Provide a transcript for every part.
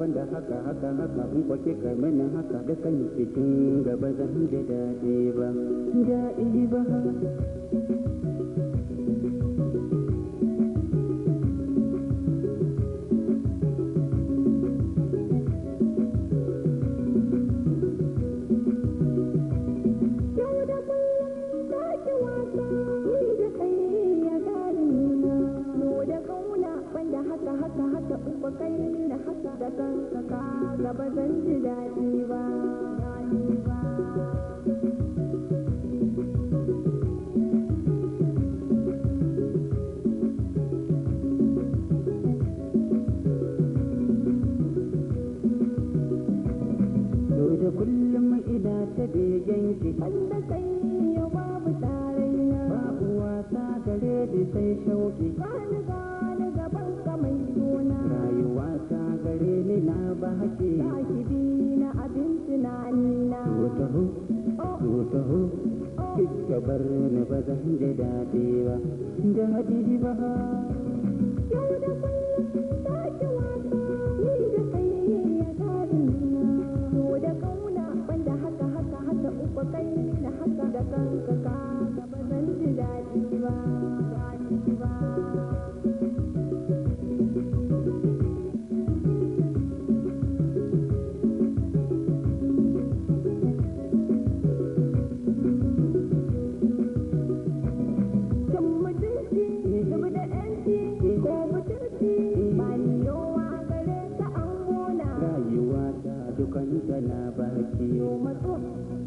ban da haka haka haka in kwace ka mana haka da kan fitin gaba zan da daɗi ba daɗi ba saka gaba zan ji daɗi ba kullum ida ta begen ki wanda babu tarayya babu wasa gare da sai shauki ba haƙi na abin tunani na zo oh. taho kika bar ni ba zan ji daɗi ba ba yau da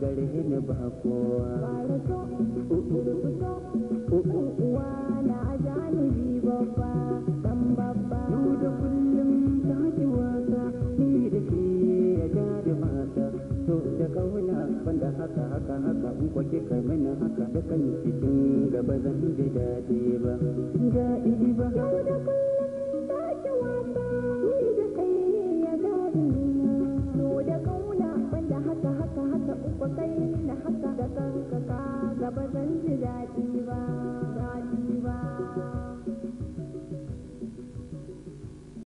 gare ni ba kowa uwa na janibi babba dan babba yau da kullum ta ki wasa ni da ke ya jari mata to da kauna banda haka haka haka in kwake kai mana haka da kan cikin gaba zan ji daɗi ba Bye bye.